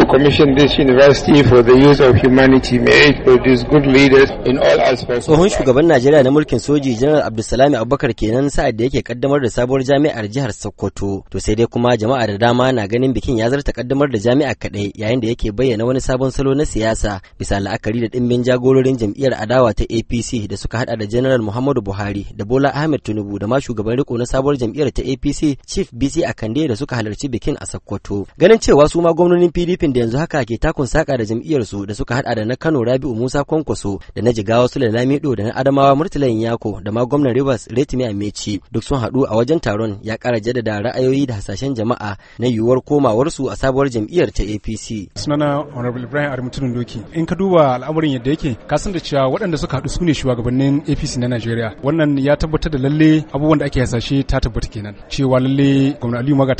I commission this university for the use of humanity. May it produce good leaders in all aspects. Tsohon shugaban Najeriya na mulkin soji General Abdulsalami Abubakar kenan sa'ad da yake kaddamar da sabuwar jami'ar jihar Sokoto. To sai dai kuma jama'a da dama na ganin bikin ya zarta kaddamar da jami'a kadai yayin da yake bayyana wani sabon salo na siyasa bisa la'akari da dimbin jagororin jam'iyyar adawa ta APC da suka hada da General Muhammadu Buhari da Bola Ahmed Tinubu da ma shugaban riko na sabuwar jam'iyyar ta APC Chief BC Akande da suka halarci bikin a Sokoto. Ganin cewa su ma gwamnonin PDP kafin da yanzu haka ke takun saka da su da suka hada da na Kano Rabi'u Musa Kwankwaso da na Jigawa Sule Lamido da na Adamawa murtala Yako da ma gwamnan Rivers Retimi Ameci duk sun hadu a wajen taron ya kara jaddada ra'ayoyi da hasashen jama'a na yiwuwar komawarsu a sabuwar jam'iyyar ta APC. Sunana Honorable Ibrahim Armutunin Doki. In ka duba al'amarin yadda yake ka san da cewa waɗanda suka hadu su ne shugabannin APC na Najeriya. Wannan ya tabbatar da lalle abubuwan da ake hasashe ta tabbata kenan. Cewa lalle gwamnan Aliyu Maga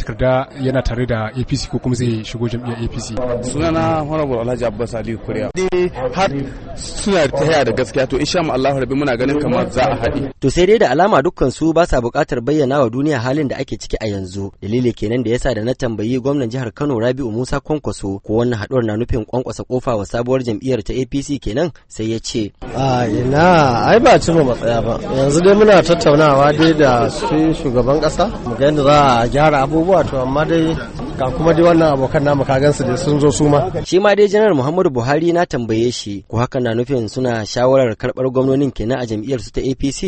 yana tare da APC ko kuma zai shigo jam'iyyar APC. Suna sunana honorable alhaji abbas ali kuriya dai har suna ta da gaskiya to insha Allah rabbi muna ganin kamar za a haɗe. to sai dai da alama dukkan su ba sa buƙatar bayyana wa duniya halin da ake ciki a yanzu dalili kenan da yasa da na tambayi gwamnan jihar Kano Rabi'u Musa Kwankwaso ko wannan haɗuwar na nufin kwankwasa kofa wa sabuwar jam'iyyar ta APC kenan sai ya ce a ina ai ba ci mu matsaya ba yanzu dai muna tattaunawa dai da su shugaban ƙasa mu ga yadda za a gyara abubuwa to amma dai ga kuma dai wannan abokan namu ka gansu da sun zo su ma shi ma dai janar muhammadu buhari na tambaye shi ku haka na nufin suna shawarar karɓar gwamnonin kenan a jam'iyyar su ta apc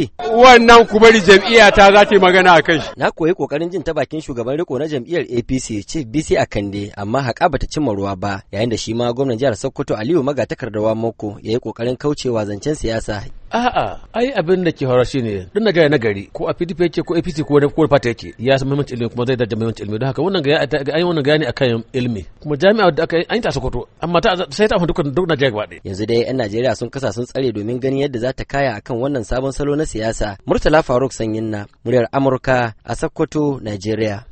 wannan kuma jam'iyya ta za ta yi magana a kai na koyi kokarin jin ta bakin shugaban riko na jam'iyyar apc chief bc Kande, amma haƙa bata cimma ruwa ba yayin da shi ma gwamnan jihar sokoto aliyu magatakardawa moko ya yi kokarin kaucewa zancen siyasa A'a, ai abin da ke hora shi ne duk Najeriya na gari ko a PDP yake ko APC ko ko party yake ya san muhimmanci ilimi kuma zai da muhimmanci ilimi don haka wannan ga ai wannan gani akan ilimi kuma jami'a da aka yi an ta Sokoto amma ta sai ta duk duk na gaba ɗaya. Yanzu dai 'yan Najeriya sun kasa sun tsare domin ganin yadda za ta kaya akan wannan sabon salo na siyasa. Murtala Faruk Sanyin na muryar Amurka a Sokoto, Najeriya.